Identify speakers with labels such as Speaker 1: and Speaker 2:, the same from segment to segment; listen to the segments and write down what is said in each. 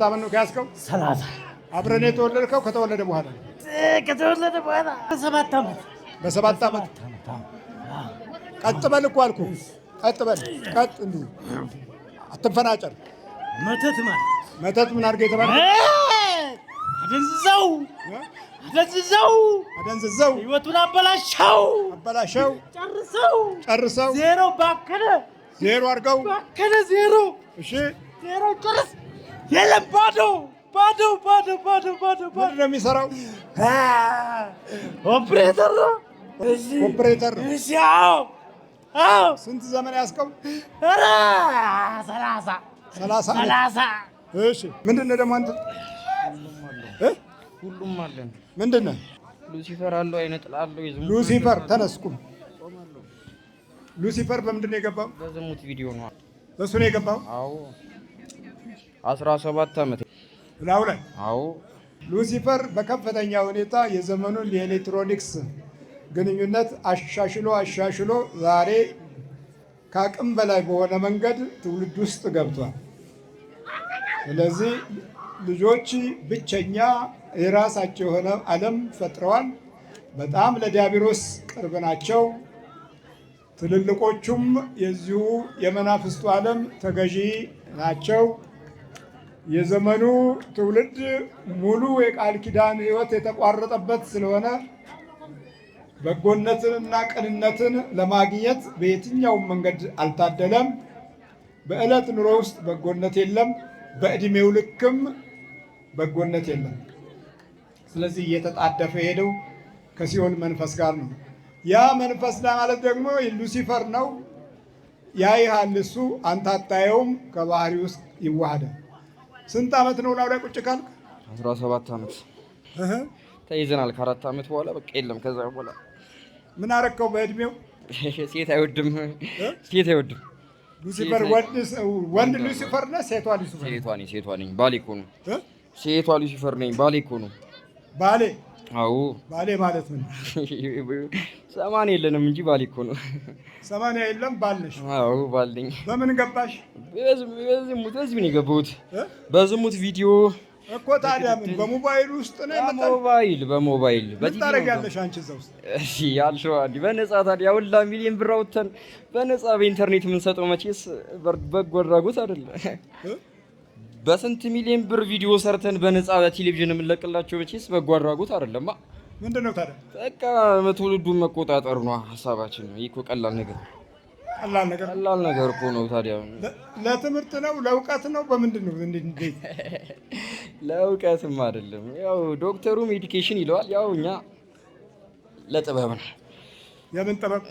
Speaker 1: ስንት ዓመት ነው ከያዝከው? ሰላሳ አብረን የተወለድከው ከተወለደ በኋላ
Speaker 2: ከተወለደ በኋላ በሰባት ዓመት
Speaker 1: በሰባት ዓመት ቀጥ በል እኮ አልኩህ። ቀጥ በል ቀጥ እንዲህ አትፈናጨር። መተት ማለት መተት ምን አድርገህ የተባለ
Speaker 2: አደንዝዘው አደንዝዘው አደንዝዘው ህይወቱን አበላሸው አበላሸው ጨርሰው ጨርሰው ዜሮ ባከነ ዜሮ አድርገው ባከነ ዜሮ እሺ ዜሮ ጨርስ የለም ባዶ ባዶ ባዶ ባዶ ባዶ
Speaker 1: ባዶ ነው የሚሰራው።
Speaker 2: ኦፕሬተር ነው ኦፕሬተር ነው። እሺ አዎ
Speaker 1: አዎ። ስንት ዘመን ያስቀው? ኧረ ሰላሳ ሰላሳ ሰላሳ። እሺ ምንድን ነው ደግሞ አንተ?
Speaker 2: ሁሉም አለን። ምንድን ነው ሉሲፈር አለው፣ አይነ ጥላ
Speaker 1: አለው። ሉሲፈር ተነስኩም። ሉሲፈር በምንድን ነው የገባው?
Speaker 2: በዝሙት ቪዲዮ ነው
Speaker 1: እሱ ነው የገባው። አዎ
Speaker 2: 17 ዓመት
Speaker 1: ላው ላይ አዎ ሉሲፈር በከፍተኛ ሁኔታ የዘመኑን የኤሌክትሮኒክስ ግንኙነት አሻሽሎ አሻሽሎ ዛሬ ከአቅም በላይ በሆነ መንገድ ትውልድ ውስጥ ገብቷል። ስለዚህ ልጆች ብቸኛ የራሳቸው የሆነ ዓለም ፈጥረዋል። በጣም ለዲያብሎስ ቅርብ ናቸው። ትልልቆቹም የዚሁ የመናፍስቱ ዓለም ተገዢ ናቸው። የዘመኑ ትውልድ ሙሉ የቃል ኪዳን ሕይወት የተቋረጠበት ስለሆነ በጎነትንና ቅንነትን ለማግኘት በየትኛውም መንገድ አልታደለም። በዕለት ኑሮ ውስጥ በጎነት የለም፣ በዕድሜው ልክም በጎነት የለም። ስለዚህ እየተጣደፈ ሄደው ከሲኦል መንፈስ ጋር ነው። ያ መንፈስ ማለት ደግሞ ሉሲፈር ነው። ያይሃል እሱ አንታታየውም ከባህሪ ውስጥ ይዋሃዳል። ስንት ዓመት ነው ላውሪያ ቁጭ ካልክ?
Speaker 2: 17 ዓመት ተይዘናል። ከአራት ዓመት በኋላ በቃ የለም። ከዛ በኋላ
Speaker 1: ምን አረከው? በእድሜው
Speaker 2: ሴት አይወድም፣ ሴት አይወድም።
Speaker 1: ሉሲፈር ወንድ ሉሲፈር ነህ? ሴቷ ሉሲፈር
Speaker 2: ሴቷ ነኝ። ባሌ እኮ ነው። ሴቷ ሉሲፈር ነኝ። ባሌ እኮ ነው። ባሌ አዎ
Speaker 1: ባሌ ማለት ምን?
Speaker 2: ሰማን የለንም እንጂ ባሌ እኮ ነው።
Speaker 1: ሰማን የለም ባል ነሽ?
Speaker 2: አዎ ባል ነኝ።
Speaker 1: በምን ገባሽ?
Speaker 2: በዝሙት በዚህ ምን የገባሁት በዝሙት ቪዲዮ
Speaker 1: እኮ ታዲያ ምን በሞባይል ውስጥ ነው
Speaker 2: የመጣው? በሞባይል በሞባይል
Speaker 1: ምን ታደርጊያለሽ አንቺ እዛ ውስጥ?
Speaker 2: እሺ ያልሽው አይደል? በነፃ ታዲያ ሁላ ሚሊዮን ብር አውጥተን በነፃ በኢንተርኔት የምንሰጠው መቼስ በጎ አድራጎት አይደለም። በስንት ሚሊዮን ብር ቪዲዮ ሰርተን በነፃ በቴሌቪዥን የምንለቅላቸው መቼስ በጎ አድራጎት አይደለማ። ምንድን ነው ታዲያ? በቃ ትውልዱን መቆጣጠር ነው ሀሳባችን። ነው ይህ ቀላል ነገር ቀላል ነገር ነገር እኮ ነው። ታዲያ
Speaker 1: ለትምህርት ነው ለእውቀት ነው በምንድን ነው? እንዴ?
Speaker 2: ለእውቀትም አይደለም። ያው ዶክተሩ ሜዲኬሽን ይለዋል። ያው እኛ ለጥበብ ነው። የምን ጥበብ?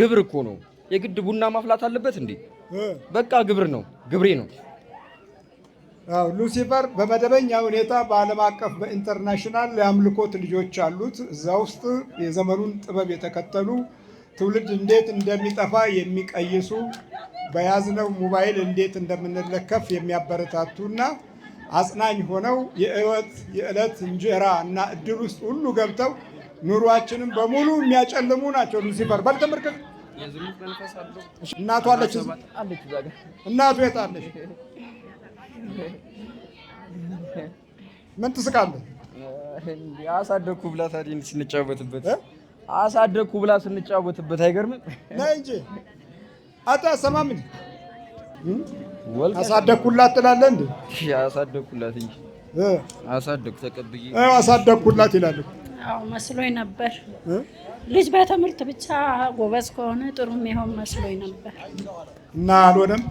Speaker 2: ግብር እኮ ነው። የግድ ቡና ማፍላት አለበት እንዴ? በቃ ግብር ነው፣ ግብሬ ነው
Speaker 1: ሉሲፈር በመደበኛ ሁኔታ በዓለም አቀፍ በኢንተርናሽናል የአምልኮት ልጆች አሉት። እዛ ውስጥ የዘመኑን ጥበብ የተከተሉ ትውልድ እንዴት እንደሚጠፋ የሚቀይሱ በያዝነው ሞባይል እንዴት እንደምንለከፍ የሚያበረታቱ እና አጽናኝ ሆነው የእወት የዕለት እንጀራ እና እድል ውስጥ ሁሉ ገብተው ኑሯችንም በሙሉ የሚያጨልሙ ናቸው። ሉሲፈር በልተመርከት እናቷ አለች። እናቱ የት አለች? ምን ትስቃለህ?
Speaker 2: አሳደግኩ ብላ ታዲያ ስንጫወትበት አሳደግኩ ብላ ስንጫወትበት አይገርምም?
Speaker 1: ና እንጂ አንተ አሰማምን እንዴ? አሳደግኩላት ትላለህ እንዴ?
Speaker 2: አሳደግኩላት እንጂ አሳደግኩ ተቀብዬ
Speaker 1: አሳደግኩላት ይላል እኮ።
Speaker 3: አዎ መስሎኝ ነበር። ልጅ በትምህርት ብቻ ጎበዝ ከሆነ ጥሩ የሚሆን መስሎኝ ነበር
Speaker 1: እና አልሆነም።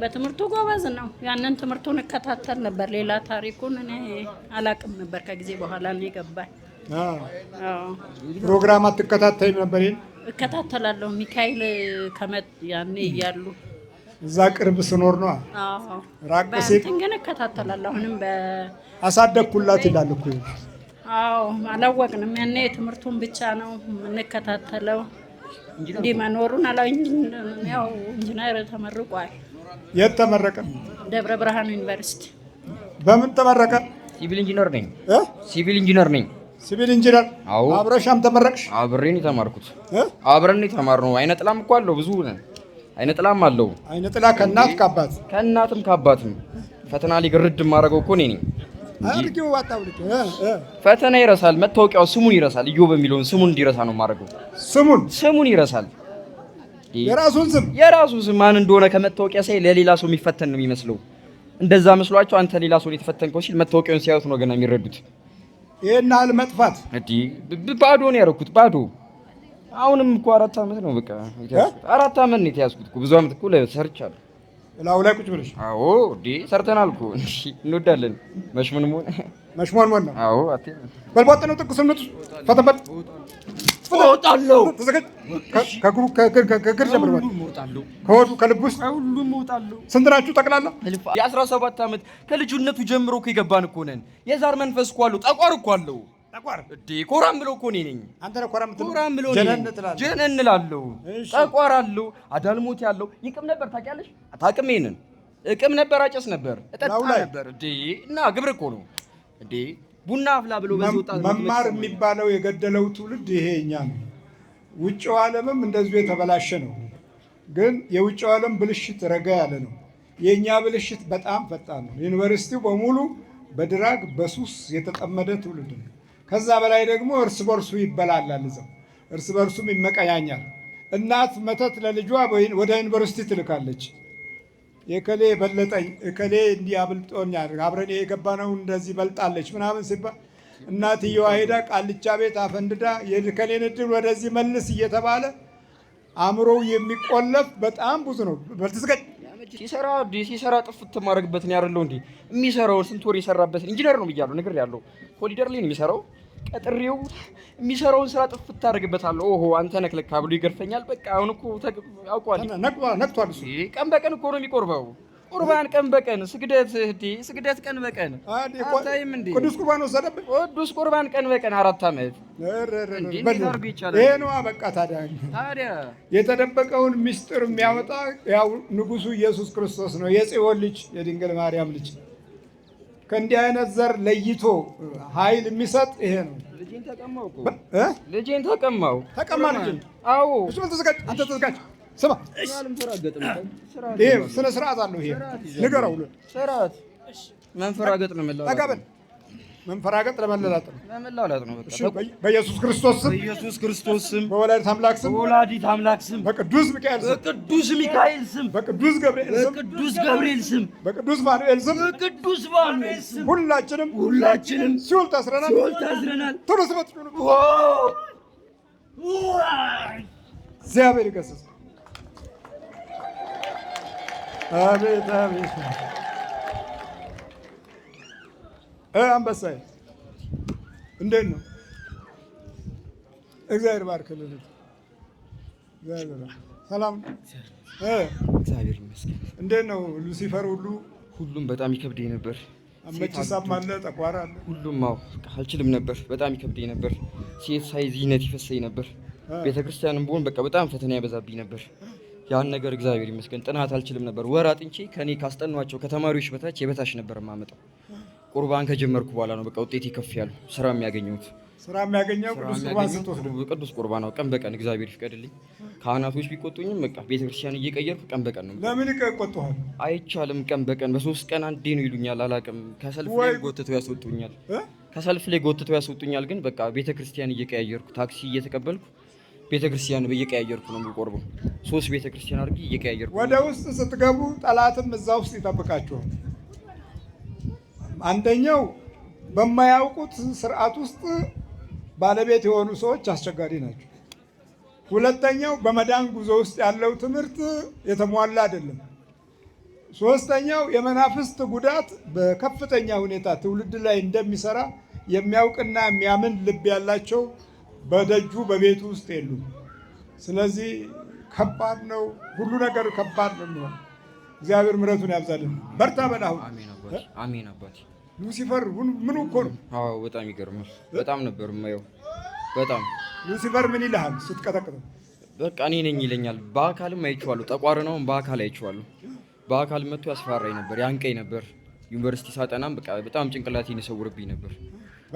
Speaker 3: በትምህርቱ ጎበዝ ነው። ያንን ትምህርቱን እከታተል ነበር። ሌላ ታሪኩን እኔ አላቅም ነበር። ከጊዜ በኋላ ነው የገባኝ።
Speaker 1: ፕሮግራም አትከታተል ነበር?
Speaker 3: እከታተላለሁ። ሚካኤል ከመጥ ያኔ እያሉ
Speaker 1: እዛ ቅርብ ስኖር ነው። ራቅ ሲል
Speaker 3: ግን እከታተላለሁ። አሁንም
Speaker 1: አሳደግኩላት ይላል እኮ።
Speaker 3: አዎ አላወቅንም። ያኔ ትምህርቱን ብቻ ነው የምንከታተለው እንዲህ መኖሩን አላ ያው ኢንጂነር ተመርቋል። የት ተመረቀ? ደብረ ብርሃን ዩኒቨርሲቲ።
Speaker 1: በምን ተመረቀ?
Speaker 2: ሲቪል ኢንጂነር ነኝ። ሲቪል ኢንጂነር ነኝ።
Speaker 1: ሲቪል ኢንጂነር። አዎ። አብረሻም ተመረቅሽ?
Speaker 2: አብሬን የተማርኩት አብረን የተማርነው። አይነ ጥላም እኮ አለው ብዙ አይነ ጥላም አለው።
Speaker 1: አይነ ጥላ ከእናት ከአባት
Speaker 2: ከእናትም ከአባትም ፈተና ላይ ግርድ የማደርገው እኮ እኔ ነኝ። ፈተና ይረሳል፣ መታወቂያው ስሙን ይረሳል። እዮ በሚለውን ስሙን እንዲረሳ ነው የማደርገው። ስሙን ስሙን ይረሳል። የራሱን ስም የራሱን ስም ማን እንደሆነ ከመታወቂያ ሳይ ለሌላ ሰው የሚፈተን ነው የሚመስለው። እንደዛ መስሏቸው አንተ ሌላ ሰው የተፈተንከው ሲል መታወቂያውን ሲያዩት ነው ገና የሚረዱት።
Speaker 1: ይሄን ያህል መጥፋት
Speaker 2: እንዲህ ባዶ ነው ያደረኩት ባዶ አሁንም እኮ አራት አመት ነው በቃ አራት አመት ነው የተያዝኩት እኮ ብዙ አመት እኮ ሰርቻለሁ።
Speaker 1: ላው ላይ ቁጭ ብለሽ
Speaker 2: አዎ፣ ዲ ሰርተናል እኮ እንወዳለን። መሽሙን ሙን
Speaker 1: መሽሙን ነው አዎ፣ አቴ በልቧጥ ነው ጥቅስ ምጥ ፈተበት እወጣለሁ። ከእግር ጀምር ከሆዱ ከልብ ውስጥ ሁሉም እወጣለሁ። ስንት ናችሁ ጠቅላላ?
Speaker 2: የአስራ ሰባት ዓመት ከልጅነቱ ጀምሮ እኮ የገባን እኮ ነን። የዛር መንፈስ እኮ አለው። ጠቋር እኮ አለው። ኮራም ብሎ እኮ እኔ ነኝ። ኮራም ብሎ ጀነን እላለሁ። ጠቋር አለው። አዳልሞት ያለው ይቅም ነበር ታውቂያለሽ። ታቅም ይንን እቅም ነበር፣ አጨስ ነበር፣
Speaker 1: እጠጣ ነበር።
Speaker 2: እና ግብር እኮ ነው ቡና አፍላ ብሎ በዚህ ወጣት
Speaker 1: መማር የሚባለው የገደለው ትውልድ ይሄ እኛ ነው። ውጭው ዓለምም እንደዚሁ የተበላሸ ነው። ግን የውጭው ዓለም ብልሽት ረጋ ያለ ነው። የእኛ ብልሽት በጣም ፈጣን ነው። ዩኒቨርሲቲው በሙሉ በድራግ በሱስ የተጠመደ ትውልድ ነው። ከዛ በላይ ደግሞ እርስ በርሱ ይበላላል፣ እዛው እርስ በርሱም ይመቀያኛል። እናት መተት ለልጇ ወደ ዩኒቨርሲቲ ትልካለች። የከሌ በለጠኝ እከሌ እንዲያብልጦኛል አብረን የገባነው እንደዚህ በልጣለች ምናምን ሲባል እናትየዋ ሄዳ ቃልቻ ቤት አፈንድዳ የከሌን እድል ወደዚህ መልስ እየተባለ አእምሮው የሚቆለፍ በጣም ብዙ ነው። በልትስቀጭ
Speaker 2: ሲሰራ ሲሰራ ጥፍት ማድረግበትን ያደለው እንዲ የሚሰራውን ስንት ወር የሰራበትን ኢንጂነር ነው ብያለሁ። ነገር ያለው ኮሊደር ላይ ነው የሚሰራው ቀጥሬው የሚሰራውን ስራ ጥፍት ታደርግበታለሁ። ኦሆ አንተ ነክለካ ብሎ ይገርፈኛል። በቃ አሁን እኮ አውቋል፣ ቀን በቀን እኮ ነው የሚቆርበው። ቁርባን ቀን በቀን ስግደት፣ እህቴ ስግደት ቀን በቀን
Speaker 1: አታይም እንዴ? ቅዱስ ቁርባን ወሰደብህ።
Speaker 2: ቅዱስ ቁርባን ቀን በቀን አራት ዓመት
Speaker 1: ይሄ ነዋ። በቃ ታዲያ ታዲያ የተደበቀውን ምስጢር የሚያወጣ ያው ንጉሱ ኢየሱስ ክርስቶስ ነው፣ የጽዮን ልጅ የድንግል ማርያም ልጅ ከእንዲህ አይነት ዘር ለይቶ ኃይል የሚሰጥ ይሄ ነው።
Speaker 2: ልጅን ተቀማው
Speaker 1: ተቀማ ልጅን አዎ፣ እሱ ምን ተዘጋጅ፣ አንተ ተዘጋጅ። ስማ፣ ይሄ ስነ ስርዓት አለው። ይሄ ንገረው፣
Speaker 2: ስርዓት መንፈራገጥ ነው የምለው።
Speaker 1: ጠጋ መንፈራገጥ ለመለላጥ ነው።
Speaker 2: ለመለላጥ ነው።
Speaker 1: በኢየሱስ ክርስቶስ ስም
Speaker 2: በኢየሱስ ክርስቶስ ስም
Speaker 1: በወላዲተ አምላክ ስም
Speaker 2: በወላዲተ አምላክ ስም
Speaker 1: በቅዱስ ሚካኤል
Speaker 2: ስም በቅዱስ ሚካኤል ስም
Speaker 1: በቅዱስ ገብርኤል ስም
Speaker 2: በቅዱስ ገብርኤል ስም
Speaker 1: በቅዱስ ማኑኤል ስም
Speaker 2: በቅዱስ ማኑኤል ስም ሁላችንም ሁላችንም
Speaker 1: ሲኦል ታስረናል፣
Speaker 2: ሲኦል ታስረናል።
Speaker 1: ቶሎ ስመት ነው። እግዚአብሔር ይገስጽ። አቤት አቤት አንበሳዬ እንዴት ነው? እግዚአብሔር ባርክልን። ሰላም
Speaker 4: እግዚአብሔር ይመስገን።
Speaker 1: እንዴት ነው ሉሲፈር? ሁሉ
Speaker 4: ሁሉም በጣም ይከብደኝ ነበር።
Speaker 1: መችሳም አለ ጠቋራ አለ
Speaker 4: ሁሉም። አዎ አልችልም ነበር፣ በጣም ይከብደኝ ነበር። ሴት ሳይ ዚህነት ይፈሰኝ ነበር። ቤተክርስቲያንም ብሆን በቃ በጣም ፈተና ያበዛብኝ ነበር። ያን ነገር እግዚአብሔር ይመስገን ጥናት አልችልም ነበር። ወር አጥንቼ ከኔ ካስጠኗቸው ከተማሪዎች በታች የበታች ነበር የማመጣው ቁርባን ከጀመርኩ በኋላ ነው በቃ ውጤት ከፍ ያሉ ስራ የሚያገኘሁት።
Speaker 1: ስራ የሚያገኘው
Speaker 4: ቅዱስ ቁርባን ስትወስድ ቅዱስ ቁርባን ነው። ቀን በቀን እግዚአብሔር ይፍቀድልኝ። ካህናቶች ቢቆጡኝም በቃ ቤተክርስቲያን እየቀየርኩ ቀን በቀን ነው።
Speaker 1: ለምን ይቆጡሃል?
Speaker 4: አይቻልም። ቀን በቀን በሶስት ቀን አንዴ ነው ይሉኛል። አላውቅም። ከሰልፍ ላይ ጎትተው ያስወጡኛል። ከሰልፍ ላይ ጎትተው ያስወጡኛል። ግን በቃ ቤተክርስቲያን እየቀያየርኩ ታክሲ እየተቀበልኩ ቤተክርስቲያን እየቀያየርኩ ነው የሚቆርበው። ሶስት ቤተክርስቲያን አድርጌ እየቀያየርኩ
Speaker 1: ወደ ውስጥ ስትገቡ ጠላትም እዛ ውስጥ ይጠብቃችኋል። አንደኛው በማያውቁት ስርዓት ውስጥ ባለቤት የሆኑ ሰዎች አስቸጋሪ ናቸው። ሁለተኛው በመዳን ጉዞ ውስጥ ያለው ትምህርት የተሟላ አይደለም። ሶስተኛው የመናፍስት ጉዳት በከፍተኛ ሁኔታ ትውልድ ላይ እንደሚሰራ የሚያውቅና የሚያምን ልብ ያላቸው በደጁ በቤቱ ውስጥ የሉም። ስለዚህ ከባድ ነው፣ ሁሉ ነገር ከባድ ነው የሚሆነው። እግዚአብሔር ምረቱን ያብዛልን። በርታ በል አሁን። አሜን አባቴ። ሉሲፈር ምን እኮ ነው።
Speaker 4: አዎ በጣም ይገርማል። በጣም ነበር የማየው። በጣም
Speaker 1: ሉሲፈር ምን ይልሃል ስትቀጠቅጠው?
Speaker 4: በቃ እኔ ነኝ ይለኛል። በአካልም አይቼዋለሁ። ጠቋር ነው፣ በአካል አይቼዋለሁ። በአካል መጥቶ ያስፈራራኝ ነበር፣ ያንቀኝ ነበር። ዩኒቨርሲቲ ሳጠናም በቃ በጣም ጭንቅላቴን ይሰውርብኝ ነበር።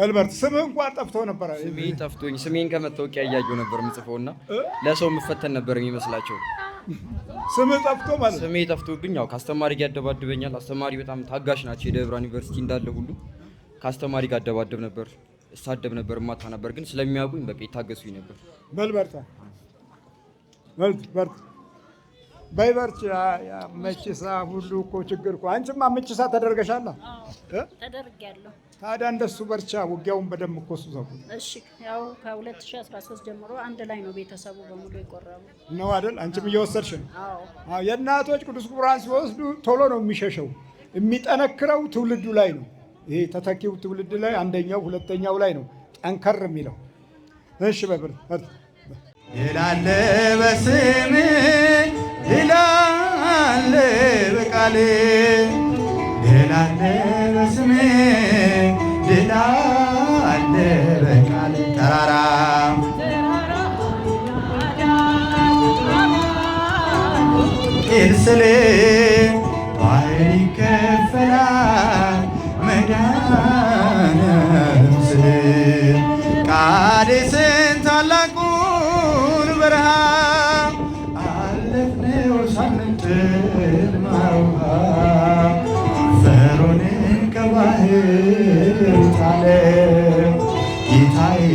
Speaker 1: መልበርት ስምህ እንኳን ጠፍቶ ነበር።
Speaker 4: ስሜ ጠፍቶኝ ስሜን ከመታወቂያ እያየሁ ነበር ምጽፈውና ለሰው የምፈተን ነበር የሚመስላቸው
Speaker 1: ስም ጠፍቶ ማለት
Speaker 4: ስሜ ጠፍቶብኝ፣ ያው ከአስተማሪ ጋር ያደባድበኛል። አስተማሪ በጣም ታጋሽ ናቸው። የደብረ ዩኒቨርሲቲ እንዳለ ሁሉ ከአስተማሪ ጋር ያደባደብ ነበር፣ እሳደብ ነበር፣ እማታ ነበር። ግን ስለሚያውቁኝ በቃ ይታገሱኝ ነበር።
Speaker 1: በል በርታ፣ በርታ፣ በይ በርቺ። መችሳ ሁሉ እኮ ችግር እኮ አንቺማ መችሳ ተደርገሻላ።
Speaker 3: ተደርጊያለሁ
Speaker 1: ታዲያ እንደሱ በርቻ ውጊያውን በደንብ እኮ እሱ ሰው
Speaker 3: እሺ፣ ያው ከ2013 ጀምሮ አንድ ላይ ነው ቤተሰቡ በሙሉ የቆረቡ
Speaker 1: ነው አይደል? አንቺም እየወሰድሽ ነው። አዎ፣ የእናቶች ቅዱስ ቁርባን ሲወስዱ ቶሎ ነው የሚሸሸው። የሚጠነክረው ትውልዱ ላይ ነው። ይሄ ተተኪው ትውልድ ላይ አንደኛው ሁለተኛው ላይ ነው ጠንከር የሚለው። እሺ፣ በብር ድል
Speaker 5: በስሜ በስም በቃሌ ድል አለ በስሜ ድል አለ በቃል ተራራ ስል ባህር ይከፈላል መዳን ስል ቃዴስ ጌታዬ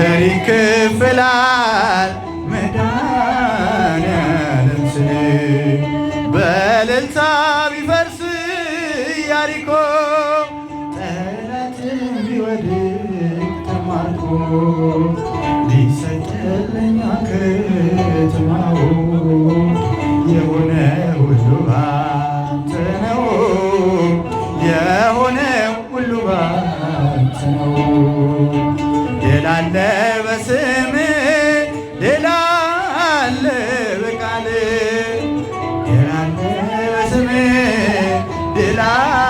Speaker 5: ባህር ይክፍላል መድኃኔዓለም ስም በእልልታ ቢፈርስ ኢያሪኮ ጠላት ቢወድቅ ተማርኮ ሊሰቅለኛ de I?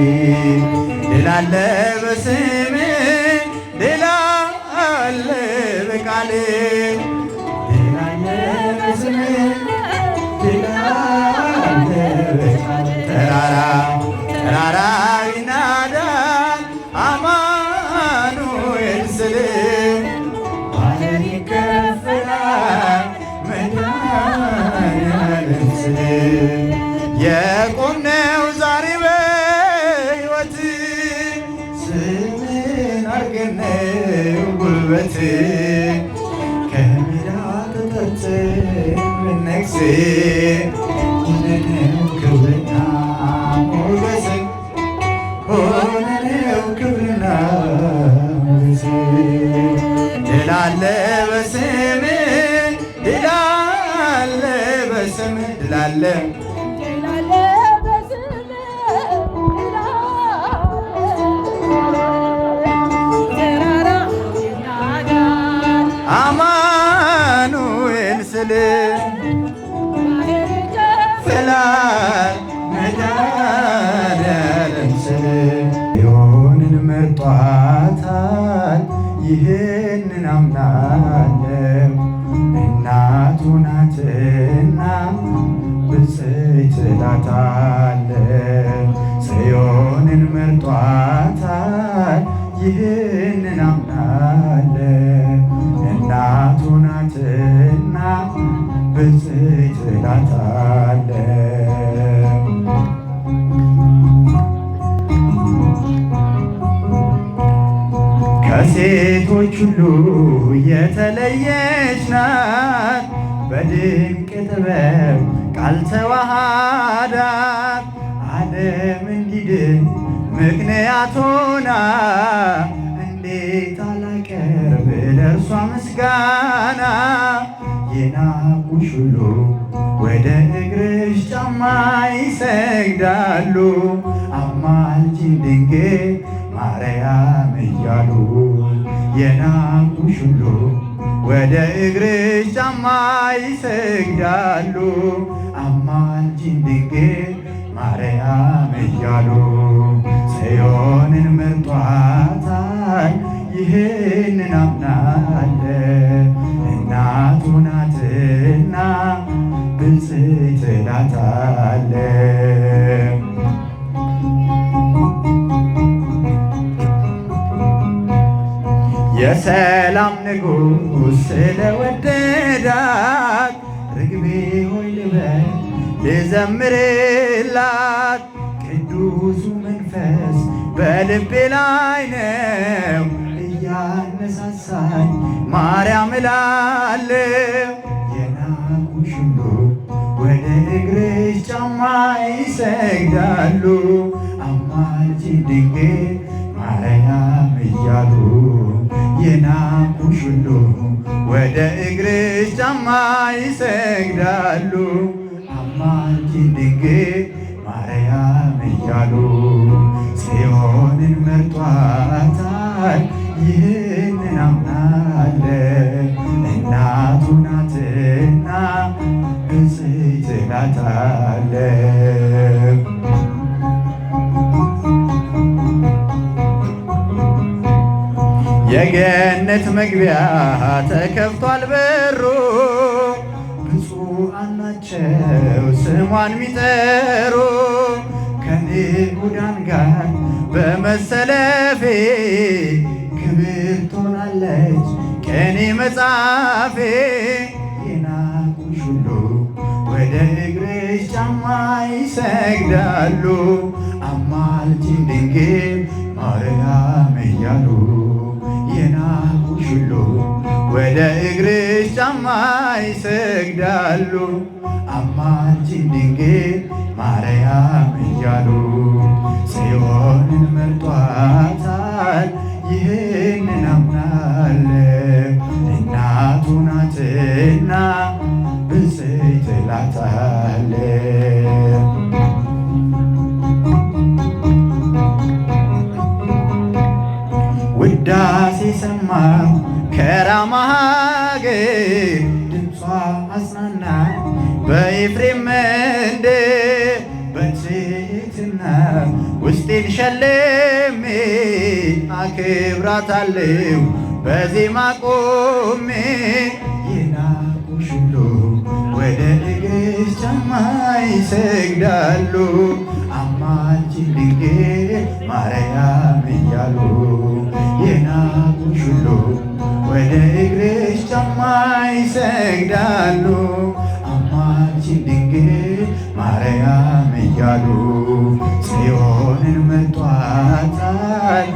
Speaker 5: ድል አለ በስምህ ድል አለ በቃልህ sing ይህንን አምናለሁ እናቱ ናትና ብፅዕት እላታለሁ። ጽዮንን መርጧታል ይህንን አምናለሁ እናቱ ናትና እላታለሁ። በድንቅ ጥበብ ቃል ተዋሃዳት ዓለም እንዲድን ምክንያት እንዴት አላቀርብ ለእርሷ ምስጋና የናቁሽ ሁሉ ወደ እግርሽ ጫማ ይሰግዳሉ አማልጅን ድንግል ማርያም እያሉ የናቁሽ ሁሉ ወደ እግርሽ ጫማ ይሰግዳሉ አማንቺን ድንግል ማርያም እያሉ ጽዮንን ስለወደዳት ርግቤ ሆይ ልበል ልዘምርላት። ቅዱሱ መንፈስ በልቤ ላይ ነው እያነሳሳኝ ማርያም እላለሁ የናቁሽሉ ወደ እግርሽ ጫማ ይሰግዳሉ አማልጅ ድንግል ማርያም እያሉ የናቁሽሉ ወደ እግርሽ ጫማ ይሰግዳሉ አማኪ ድንግል ማርያም እያሉ ጽዮንን መርጧታል። ይህንን አምናለን እናቱ ናትና ብፅዕት ናታለን የገነት መግቢያ ተከፍቷል በሩ ብፁዓን ናቸው ስሟን ሚጠሩ ከንዑዳን ጋር በመሰለፌ ክብር ትሆናለች ከኔ መጻፌ የናቁሽ ሁሉ ወደ እግርሽ ጫማ ይሰግዳሉ አማልጅን ድንግል ማርያም እያሉ ሁሉ ወደ እግርሽ ጫማ ይሰግዳሉ አማቺን ድንግል ማርያም እያሉ እከብራታለሁ በዜማ ቆሜ ይናቁሽሉ ወደ እግርሽ ጫማይ ይሰግዳሉ አማች ድንግል ማርያም እያሉ ይናቁሽሉ ወደ እግርሽ ጫማይ ይሰግዳሉ አማች ድንግል ማርያም እያሉ ጽዮንን መጧታል